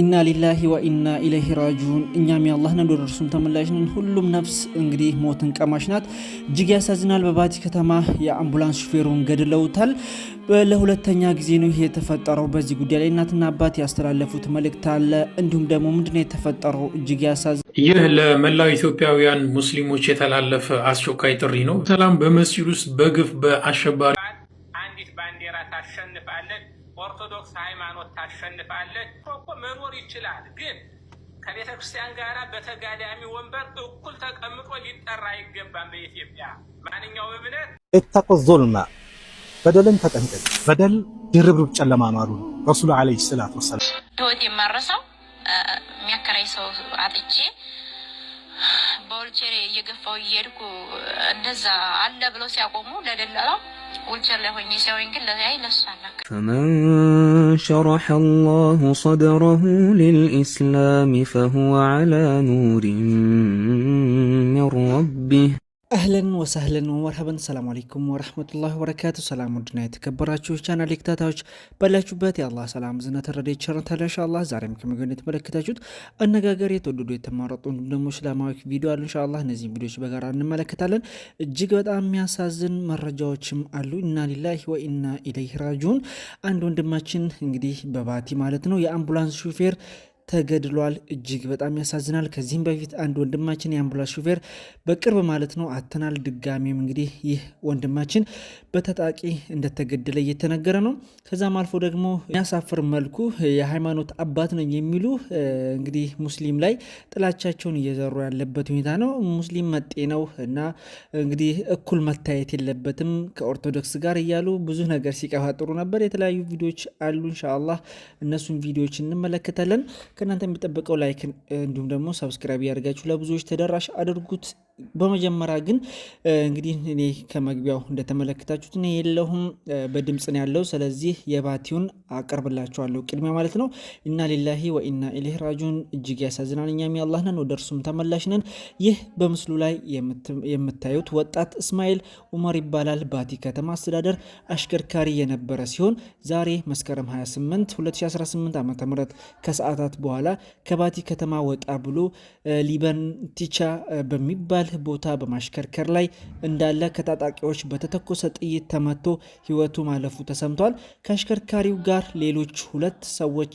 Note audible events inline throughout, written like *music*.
ኢና ሊላሂ ወኢና ኢለይሂ ራጂዑን እኛም የአላህ ነን ወደ እርሱም ተመላሽ ነን። ሁሉም ነፍስ እንግዲህ ሞትን ቀማሽ ናት። እጅግ ያሳዝናል። በባቲ ከተማ የአምቡላንስ ሹፌሩን ገድለውታል። ለሁለተኛ ጊዜ ነው ይሄ የተፈጠረው። በዚህ ጉዳይ ላይ እናትና አባት ያስተላለፉት መልእክት አለ። እንዲሁም ደግሞ ምንድነው የተፈጠረው? እጅግ ያሳዝ ይህ ለመላው ኢትዮጵያውያን ሙስሊሞች የተላለፈ አስቸኳይ ጥሪ ነው። ሰላም በመስጂድ ውስጥ በግፍ በአሸባሪ አንዲት ባንዲራ ታሸንፋለን ኦርቶዶክስ ሃይማኖት ታሸንፋለች። እኮ መኖር ይችላል፣ ግን ከቤተ ክርስቲያን ጋር በተጋዳሚ ወንበር እኩል ተቀምጦ ሊጠራ አይገባም። በኢትዮጵያ ማንኛውም እምነት እተቆ ዞልማ በደልን ተጠንቀቅ። በደል ድርብርብ ጨለማ ማሩ ረሱሉ ዓለይሂ ሰላቱ ወሰላም ህይወት የማረሰው የሚያከራይ ሰው አጥቼ በወልቼር እየገፋው እየሄድኩ እንደዛ አለ ብለው ሲያቆሙ ለደላላው فمن شرح الله صدره للإسلام فهو على نور من ربه አህለን ወሳህለን ወመርሀበን ሰላም አለይኩም ወረህመቱላሂ ወበረካቱ። ሰላም ውድና የተከበራችሁ ቻናል ተከታታዮች ባላችሁበት የአላህ ሰላም ዝና ተረዳ ቸርታለ እንሻላ። ዛሬም ከምግብን የተመለከታችሁት አነጋገር የተወደዱ የተማረጡ እንዲሁም እስላማዊ ቪዲዮ አሉ። እንሻላ እነዚህም ቪዲዮዎች በጋራ እንመለከታለን። እጅግ በጣም የሚያሳዝን መረጃዎችም አሉ። ኢና ሊላሂ ወኢና ኢለይሂ ራጂዑን። አንድ ወንድማችን እንግዲህ በባቲ ማለት ነው የአምቡላንስ ሹፌር ተገድሏል። እጅግ በጣም ያሳዝናል። ከዚህም በፊት አንድ ወንድማችን የአምቡላንስ ሹፌር በቅርብ ማለት ነው አተናል። ድጋሚም እንግዲህ ይህ ወንድማችን በታጣቂ እንደተገደለ እየተነገረ ነው። ከዛም አልፎ ደግሞ የሚያሳፍር መልኩ የሃይማኖት አባት ነኝ የሚሉ እንግዲህ ሙስሊም ላይ ጥላቻቸውን እየዘሩ ያለበት ሁኔታ ነው። ሙስሊም መጤ ነው እና እንግዲህ እኩል መታየት የለበትም ከኦርቶዶክስ ጋር እያሉ ብዙ ነገር ሲቀፋጥሩ ነበር። የተለያዩ ቪዲዮዎች አሉ። እንሻላ እነሱን ቪዲዮዎች እንመለከታለን። ከእናንተ የሚጠበቀው ላይክን እንዲሁም ደግሞ ሰብስክራይብ ያደርጋችሁ ለብዙዎች ተደራሽ አድርጉት። በመጀመሪያ ግን እንግዲህ እኔ ከመግቢያው እንደተመለከታችሁት እኔ የለሁም በድምፅ ነው ያለው። ስለዚህ የባቲውን አቀርብላችኋለሁ ቅድሚያ ማለት ነው። ኢና ሊላሂ ወኢና ኢሌህ ራጁን። እጅግ ያሳዝናል። እኛም የአላህ ነን፣ ወደ እርሱም ተመላሽ ነን። ይህ በምስሉ ላይ የምታዩት ወጣት እስማኤል ኡመር ይባላል። ባቲ ከተማ አስተዳደር አሽከርካሪ የነበረ ሲሆን ዛሬ መስከረም 28 2018 ዓ ም ከሰዓታት በኋላ ከባቲ ከተማ ወጣ ብሎ ሊበንቲቻ በሚባል ባልህ ቦታ በማሽከርከር ላይ እንዳለ ከታጣቂዎች በተተኮሰ ጥይት ተመቶ ህይወቱ ማለፉ ተሰምቷል። ከአሽከርካሪው ጋር ሌሎች ሁለት ሰዎች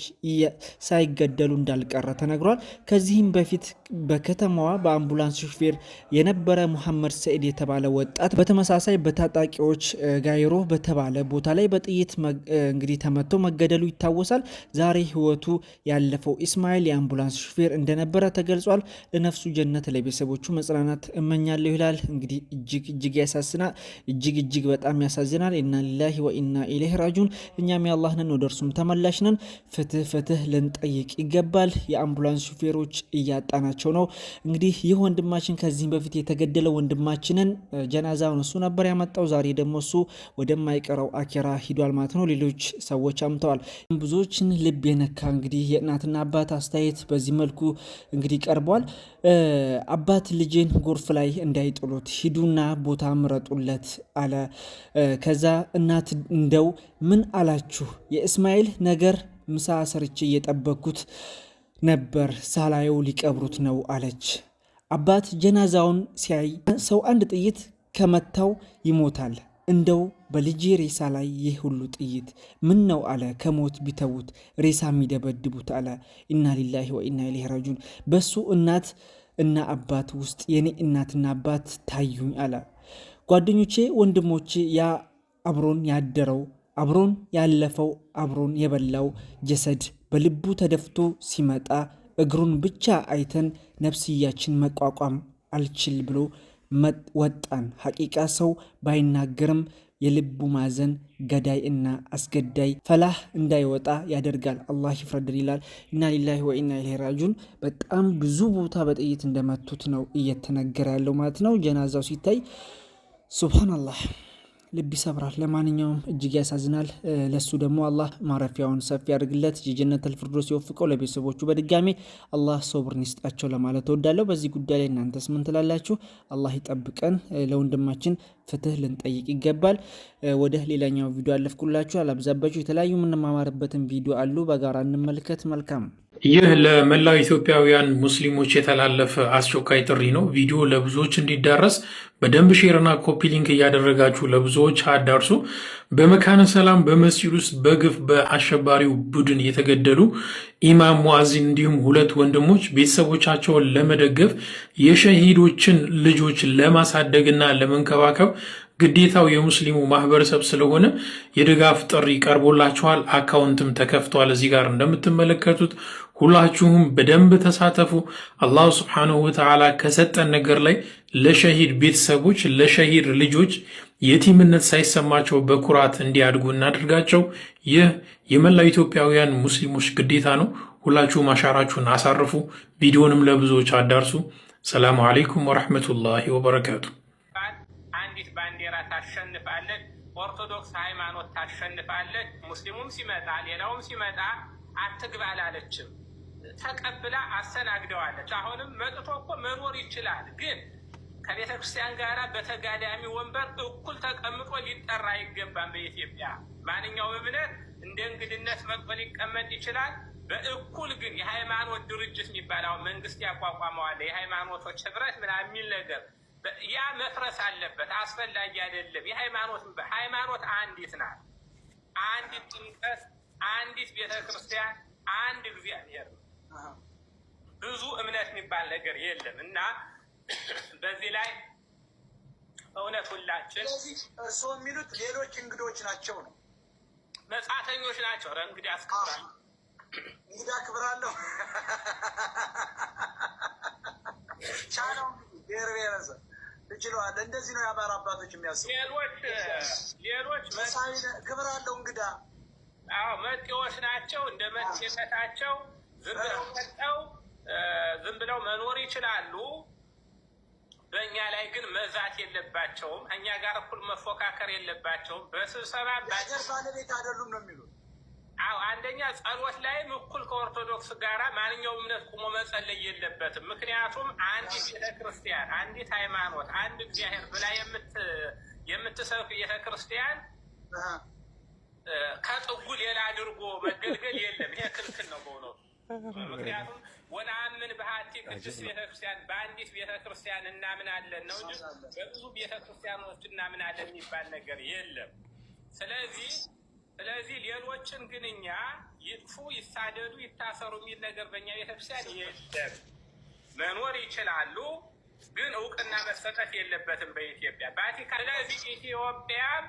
ሳይገደሉ እንዳልቀረ ተነግሯል። ከዚህም በፊት በከተማዋ በአምቡላንስ ሹፌር የነበረ ሙሐመድ ሰኢድ የተባለ ወጣት በተመሳሳይ በታጣቂዎች ጋይሮ በተባለ ቦታ ላይ በጥይት እንግዲህ ተመቶ መገደሉ ይታወሳል። ዛሬ ህይወቱ ያለፈው ኢስማኤል የአምቡላንስ ሹፌር እንደነበረ ተገልጿል። ለነፍሱ ጀነት ለቤተሰቦቹ መጽናናት እንዲሆናት እመኛለሁ ይላል። እንግዲህ እጅግ እጅግ ያሳዝናል። እጅግ እጅግ በጣም ያሳዝናል። ኢና ሊላሂ ወኢና ኢለይሂ ራጂዑን። እኛም የአላህ ነን፣ ወደ እርሱም ተመላሽ ነን። ፍትህ ፍትህ ልንጠይቅ ይገባል። የአምቡላንስ ሹፌሮች እያጣናቸው ነው። እንግዲህ ይህ ወንድማችን ከዚህም በፊት የተገደለ ወንድማችንን ጀናዛውን እሱ ነበር ያመጣው። ዛሬ ደግሞ እሱ ወደማይቀረው አኬራ ሂዷል ማለት ነው። ሌሎች ሰዎች አምተዋል። ብዙዎችን ልብ የነካ እንግዲህ የእናትና አባት አስተያየት በዚህ መልኩ እንግዲህ ቀርቧል። አባት ልጄን ጎርፍ ላይ እንዳይጥሉት ሂዱና ቦታ ምረጡለት አለ። ከዛ እናት እንደው ምን አላችሁ? የእስማኤል ነገር ምሳ ሰርቼ እየጠበኩት ነበር፣ ሳላየው ሊቀብሩት ነው አለች። አባት ጀናዛውን ሲያይ ሰው አንድ ጥይት ከመታው ይሞታል እንደው በልጄ ሬሳ ላይ ይህ ሁሉ ጥይት ምን ነው አለ። ከሞት ቢተዉት ሬሳ የሚደበድቡት አለ። ኢና ሊላሂ ወኢና ኢለይሂ ራጂዑን በሱ እናት እና አባት ውስጥ የኔ እናትና አባት ታዩኝ አለ። ጓደኞቼ፣ ወንድሞቼ፣ ያ አብሮን ያደረው አብሮን ያለፈው አብሮን የበላው ጀሰድ በልቡ ተደፍቶ ሲመጣ እግሩን ብቻ አይተን ነፍስያችን መቋቋም አልችል ብሎ ወጣን። ሐቂቃ ሰው ባይናገርም የልቡ ማዘን ገዳይ እና አስገዳይ ፈላህ እንዳይወጣ ያደርጋል። አላህ ይፍረድል ይላል። ኢና ሊላሂ ወኢና ኢለይሂ ራጂዑን። በጣም ብዙ ቦታ በጥይት እንደመቱት ነው እየተነገረ ያለው ማለት ነው። ጀናዛው ሲታይ ሱብሃነላህ ልብ ይሰብራል። ለማንኛውም እጅግ ያሳዝናል። ለሱ ደግሞ አላህ ማረፊያውን ሰፊ ያድርግለት፣ የጀነት ፊርደውስ ሲወፍቀው። ለቤተሰቦቹ በድጋሜ አላህ ሶብርን ይስጣቸው ለማለት እወዳለሁ። በዚህ ጉዳይ ላይ እናንተስ ምን ትላላችሁ? አላህ ይጠብቀን። ለወንድማችን ፍትህ ልንጠይቅ ይገባል። ወደ ሌላኛው ቪዲዮ አለፍኩላችሁ፣ አላብዛባችሁ። የተለያዩ የምንማማርበትን ቪዲዮ አሉ፣ በጋራ እንመልከት። መልካም ይህ ለመላው ኢትዮጵያውያን ሙስሊሞች የተላለፈ አስቸኳይ ጥሪ ነው። ቪዲዮ ለብዙዎች እንዲዳረስ በደንብ ሼርና ኮፒ ሊንክ እያደረጋችሁ ለብዙዎች አዳርሱ። በመካነ ሰላም በመስጂድ ውስጥ በግፍ በአሸባሪው ቡድን የተገደሉ ኢማም ሙአዚን እንዲሁም ሁለት ወንድሞች ቤተሰቦቻቸውን ለመደገፍ የሸሂዶችን ልጆች ለማሳደግና ለመንከባከብ ግዴታው የሙስሊሙ ማህበረሰብ ስለሆነ የድጋፍ ጥሪ ቀርቦላቸዋል አካውንትም ተከፍቷል። እዚህ ጋር እንደምትመለከቱት ሁላችሁም በደንብ ተሳተፉ። አላሁ ስብሓነሁ ወተዓላ ከሰጠን ነገር ላይ ለሸሂድ ቤተሰቦች ለሸሂድ ልጆች የቲምነት ሳይሰማቸው በኩራት እንዲያድጉ እናደርጋቸው። ይህ የመላው ኢትዮጵያውያን ሙስሊሞች ግዴታ ነው። ሁላችሁም አሻራችሁን አሳርፉ፣ ቪዲዮንም ለብዙዎች አዳርሱ። ሰላሙ አሌይኩም ወረሕመቱላሂ ወበረካቱ። አንዲት ባንዲራ ታሸንፋለች፣ ኦርቶዶክስ ሃይማኖት ታሸንፋለች። ሙስሊሙም ሲመጣ ሌላውም ሲመጣ አትግባ አላለችም፣ ተቀብላ አስተናግደዋለች። አሁንም መጥቶ እኮ መኖር ይችላል ግን ከቤተ ክርስቲያን ጋር በተጋዳሚ ወንበር እኩል ተቀምጦ ሊጠራ አይገባም። በኢትዮጵያ ማንኛውም እምነት እንደ እንግድነት መጥቶ ሊቀመጥ ይችላል። በእኩል ግን የሃይማኖት ድርጅት የሚባል መንግስት ያቋቋመዋለ የሃይማኖቶች ህብረት ምናምን የሚል ነገር ያ መፍረስ አለበት። አስፈላጊ አይደለም። የሃይማኖት ሃይማኖት አንዲት ናት። አንዲት ጥምቀት፣ አንዲት ቤተ ክርስቲያን፣ አንድ እግዚአብሔር ነው። ብዙ እምነት የሚባል ነገር የለም እና በዚህ ላይ እውነት ሁላችን እሱ የሚሉት ሌሎች እንግዶች ናቸው ነው መጻተኞች ናቸው። ረ እንግዲህ አስከብራለሁ እንግዲህ አክብራለሁ ቻለው ብሔር ብሔረሰብ እችለዋለሁ። እንደዚህ ነው የአማራ አባቶች የሚያስቡ ሌሎች ሌሎች ክብር አለው እንግዳ አዎ መጤዎች ናቸው። እንደ መጤነታቸው ዝም ብለው መጠው ዝም ብለው መኖር ይችላሉ። በእኛ ላይ ግን መዛት የለባቸውም። እኛ ጋር እኩል መፎካከር የለባቸውም። በስብሰባ ባገር ባለቤት አይደሉም ነው የሚሉት። አዎ አንደኛ ጸሎት ላይም እኩል ከኦርቶዶክስ ጋር ማንኛውም እምነት ቁሞ መጸለይ የለበትም። ምክንያቱም አንዲት ቤተ ክርስቲያን፣ አንዲት ሃይማኖት፣ አንድ እግዚአብሔር ብላ የምትሰብክ ቤተ ክርስቲያን ከጥጉ ሌላ አድርጎ መገልገል የለም። ይሄ ክልክል ነው በእውነቱ *laughs* ምክንያቱም ወናምን በሀቲ ቅድስት ቤተክርስቲያን በአንዲት ቤተክርስቲያን እናምናለን ነው እንጂ በብዙ ቤተክርስቲያኖች እናምናለን የሚባል ነገር የለም። ስለዚህ ስለዚህ ሌሎችን ግን እኛ ይጥፉ፣ ይሳደዱ፣ ይታሰሩ የሚል ነገር በእኛ ቤተክርስቲያን የለም። መኖር ይችላሉ፣ ግን እውቅና መሰጠት የለበትም በኢትዮጵያ ቫቲካን። ስለዚህ ኢትዮጵያም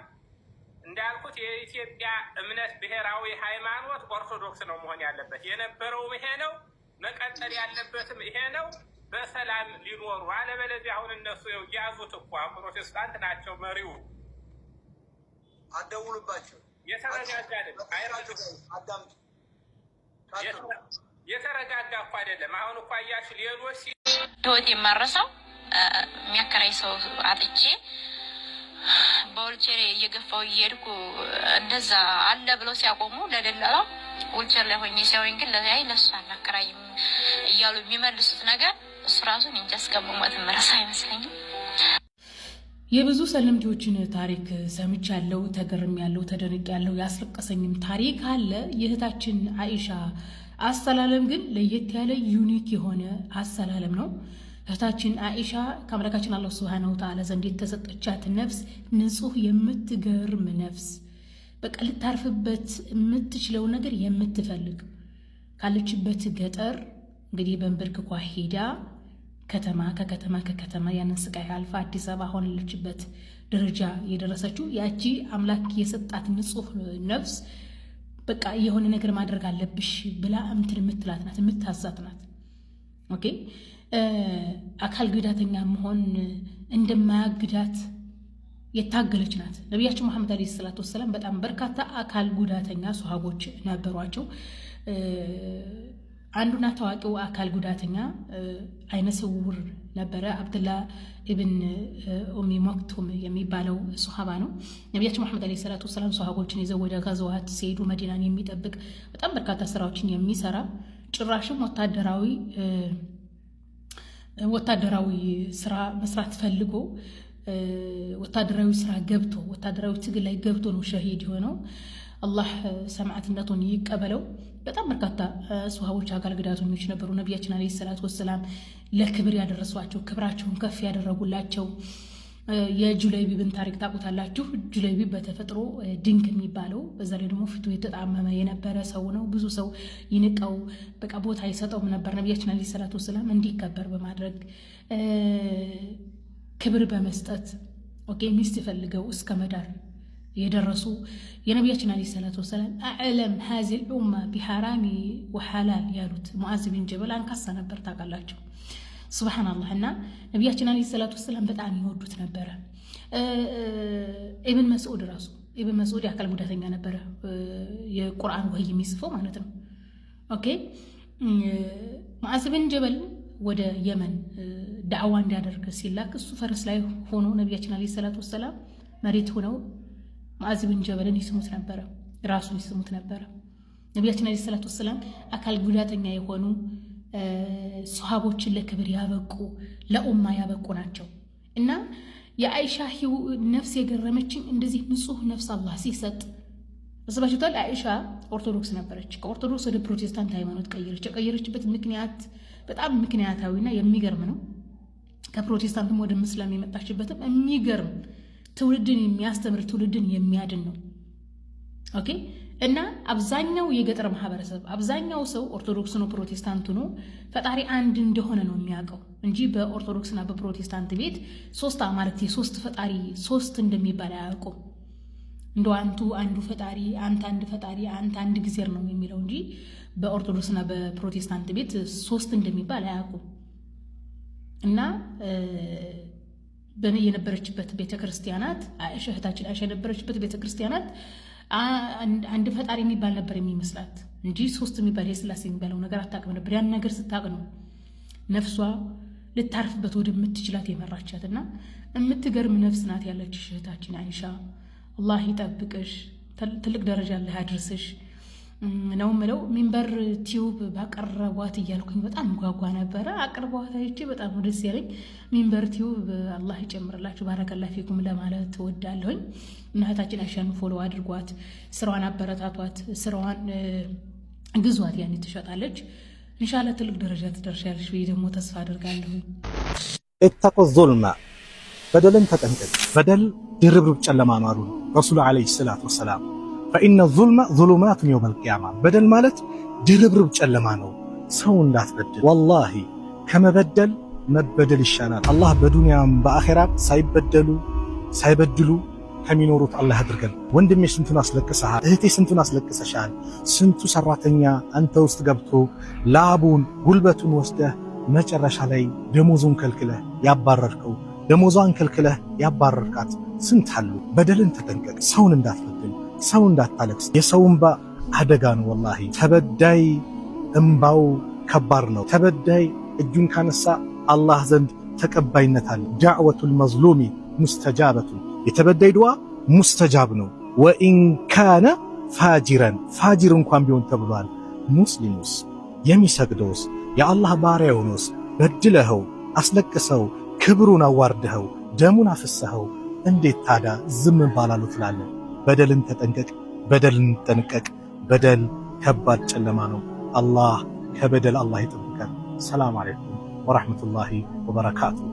እንዳልኩት የኢትዮጵያ እምነት ብሔራዊ ሃይማኖት ኦርቶዶክስ ነው መሆን ያለበት። የነበረው ይሄ ነው። መቀጠል ያለበትም ይሄ ነው። በሰላም ሊኖሩ አለበለዚህ አሁን እነሱ የያዙት እኮ ፕሮቴስታንት ናቸው። መሪው አደውሉባቸው። የተረጋጋ አዳምጡ። እኮ አይደለም። አሁን እኮ አያችሁ ሌሎች ህይወት የማረሰው የሚያከራይ ሰው አጥቼ በወልቸር እየገፋው እየሄድኩ እንደዛ አለ ብለው ሲያቆሙ ለደላላ ውልቸር ላይ ሆኜ ሲያወኝ ግን ለእሱ አናከራይም እያሉ የሚመልሱት ነገር እሱ ራሱን እንጂ አስቀምሟት መረስ አይመስለኝም። የብዙ ሰለምቴዎችን ታሪክ ሰምቻለሁ፣ ተገርሜያለሁ፣ ተደንቄያለሁ። ያስለቀሰኝም ታሪክ አለ። የእህታችን አይሻ አሰላለም ግን ለየት ያለ ዩኒክ የሆነ አሰላለም ነው። እህታችን አኢሻ ከአምላካችን አላህ ሱብሃነሁ ወተዓላ ዘንድ የተሰጠቻት ነፍስ ንጹህ፣ የምትገርም ነፍስ በቃ ልታርፍበት የምትችለው ነገር የምትፈልግ ካለችበት ገጠር እንግዲህ በንብርክኳ ሄዳ ከተማ ከከተማ ከከተማ ያንን ስቃይ አልፋ አዲስ አበባ ሆነለችበት ደረጃ የደረሰችው ያቺ አምላክ የሰጣት ንጹህ ነፍስ በቃ የሆነ ነገር ማድረግ አለብሽ ብላ እምትን የምትላት ናት፣ የምታዛት ናት። ኦኬ አካል ጉዳተኛ መሆን እንደማያግዳት የታገለች ናት። ነቢያችን መሐመድ ዓለይሂ ሰላቱ ወሰላም በጣም በርካታ አካል ጉዳተኛ ሰሃቦች ነበሯቸው። አንዱና ታዋቂው አካል ጉዳተኛ አይነ ስውር ነበረ። አብድላ ኢብን ኡሚ መክቱም የሚባለው ሶሃባ ነው። ነቢያችን መሐመድ ዓለይሂ ሰላቱ ወሰላም ሶሃቦችን ይዘው ወደ ጋዛዋት ሲሄዱ መዲናን የሚጠብቅ በጣም በርካታ ስራዎችን የሚሰራ ጭራሽም ወታደራዊ ወታደራዊ ስራ መስራት ፈልጎ ወታደራዊ ስራ ገብቶ ወታደራዊ ትግል ላይ ገብቶ ነው ሸሂድ የሆነው። አላህ ሰማዕትነቱን ይቀበለው። በጣም በርካታ ሰሃቦች አካል ጉዳተኞች ነበሩ። ነቢያችን አለ ሰላት ወሰላም ለክብር ያደረሷቸው ክብራቸውን ከፍ ያደረጉላቸው የጁለይቢብን ታሪክ ታውቁታላችሁ። ጁለይቢብ በተፈጥሮ ድንክ የሚባለው በዛ ላይ ደግሞ ፊቱ የተጣመመ የነበረ ሰው ነው። ብዙ ሰው ይንቀው፣ በቃ ቦታ ይሰጠውም ነበር። ነቢያችን አለ ሰላት ወሰላም እንዲከበር በማድረግ ክብር በመስጠት ኦኬ ሚስት ይፈልገው እስከ መዳር የደረሱ የነቢያችን አለ ሰላት ወሰላም አዕለም ሀዚል ኡማ ቢሐራሚ ወሐላል ያሉት ሙዓዝ ቢን ጀበል አንካሳ ነበር። ታውቃላቸው ስብሓናላህ። እና ነቢያችን አለ ሰላት ወሰላም በጣም ይወዱት ነበረ። ኢብን መስዑድ ራሱ ኢብን መስዑድ የአካል ጉዳተኛ ነበረ፣ የቁርአን ወህይ የሚጽፈው ማለት ነው። ኦኬ ሙዓዝ ቢን ጀበል ወደ የመን ዳዕዋ እንዲያደርግ ሲላክ እሱ ፈረስ ላይ ሆኖ ነቢያችን አለ ሰላቱ ወሰላም መሬት ሆነው ሙዓዝ ብን ጀበልን ይስሙት ነበረ፣ ራሱን ይስሙት ነበረ። ነቢያችን ዓለይሂ ሰላቱ ወሰላም አካል ጉዳተኛ የሆኑ ሰሃቦችን ለክብር ያበቁ ለኡማ ያበቁ ናቸው እና የአይሻ ነፍስ የገረመችኝ እንደዚህ ንጹህ ነፍስ አላህ ሲሰጥ አስባችሁታል። አይሻ ኦርቶዶክስ ነበረች። ከኦርቶዶክስ ወደ ፕሮቴስታንት ሃይማኖት ቀየረች። የቀየረችበት ምክንያት በጣም ምክንያታዊና የሚገርም ነው። ከፕሮቴስታንትም ወደ ምስላም የመጣችበትም የሚገርም ትውልድን የሚያስተምር ትውልድን የሚያድን ነው። ኦኬ እና አብዛኛው የገጠር ማህበረሰብ አብዛኛው ሰው ኦርቶዶክስ ነው ፕሮቴስታንቱ ነው ፈጣሪ አንድ እንደሆነ ነው የሚያውቀው እንጂ በኦርቶዶክስና በፕሮቴስታንት ቤት ሶስት አማልክት ሶስት ፈጣሪ ሶስት እንደሚባል አያውቁም። እንደ አንቱ አንዱ ፈጣሪ አንተ አንድ ፈጣሪ አንተ አንድ ጊዜር ነው የሚለው እንጂ በኦርቶዶክስና በፕሮቴስታንት ቤት ሶስት እንደሚባል አያውቁም እና የነበረችበት ቤተክርስቲያናት እህታችን አይሻ የነበረችበት ቤተክርስቲያናት አንድ ፈጣሪ የሚባል ነበር የሚመስላት እንጂ ሶስት የሚባል የስላሴ የሚባለው ነገር አታውቅም ነበር። ያን ነገር ስታውቅ ነው ነፍሷ ልታርፍበት ወደምትችላት የመራቻት እና የምትገርም ነፍስ ናት ያለች እህታችን አይሻ። አላህ ይጠብቅሽ፣ ትልቅ ደረጃ ላይ አድርስሽ። ነው ምለው ሚንበር ቲዩብ ባቀረቧት እያልኩኝ በጣም ጓጓ ነበረ። አቅርቧት አይቼ በጣም ደስ ያለኝ ሚንበር ቲዩብ አላህ ይጨምርላችሁ ባረከላህ ፊኩም ለማለት ወዳለሁኝ። እናታችን አሸኑ ፎሎ አድርጓት፣ ስራዋን አበረታቷት፣ ስራዋን ግዟት። ያኔ ትሸጣለች። እንሻለ ትልቅ ደረጃ ትደርሻለች ብዬ ደግሞ ተስፋ አድርጋለሁ። እታቆ ዞልማ በደልን ተጠንቀቅ። በደል ድርብርብ ጨለማ ማሩ ረሱሉ ዓለይሂ ሰላቱ ወሰላም ፈኢነ ዙልመ ዙሉማቱን የውመል ቂያማ በደል ማለት ድርብርብ ጨለማ ነው። ሰው እንዳትበድል። ወላሂ ከመበደል መበደል ይሻላል። አላህ በዱንያም በአኼራም ሳይበደሉ ሳይበድሉ ከሚኖሩት አላህ አድርገን። ወንድሜ ስንቱን አስለቅሰሃል፣ እህቴ ስንቱን አስለቅሰሻል። ስንቱ ሰራተኛ አንተ ውስጥ ገብቶ ላቡን ጉልበቱን ወስደህ መጨረሻ ላይ ደሞዙን ከልክለህ ያባረርከው፣ ደሞዟን ከልክለህ ያባረርካት ስንት አሉ። በደልን ተጠንቀቅ፣ ሰውን እንዳትበድል ሰው እንዳታለቅስ። የሰው እንባ አደጋ ነው። ወላሂ ተበዳይ እምባው ከባድ ነው። ተበዳይ እጁን ካነሳ አላህ ዘንድ ተቀባይነት አለ። ዳዕወቱል መዝሉሚ ሙስተጃበቱ የተበዳይ ድዋ ሙስተጃብ ነው። ወኢን ካነ ፋጅረን ፋጅር እንኳን ቢሆን ተብሏል። ሙስሊሙስ የሚሰግደውስ የአላህ ባሪያ የሆኖስ በድለኸው፣ አስለቅሰው፣ ክብሩን አዋርድኸው፣ ደሙን አፍሰኸው እንዴት ታዳ ዝም ባላሉ ትላለን? በደልን ተጠንቀቅ፣ በደልን ጠንቀቅ። በደል ከባድ ጨለማ ነው። አላህ ከበደል አላህ ይጠብቀን። ሰላም አለይኩም ወራህመቱላሂ ወበረካቱ።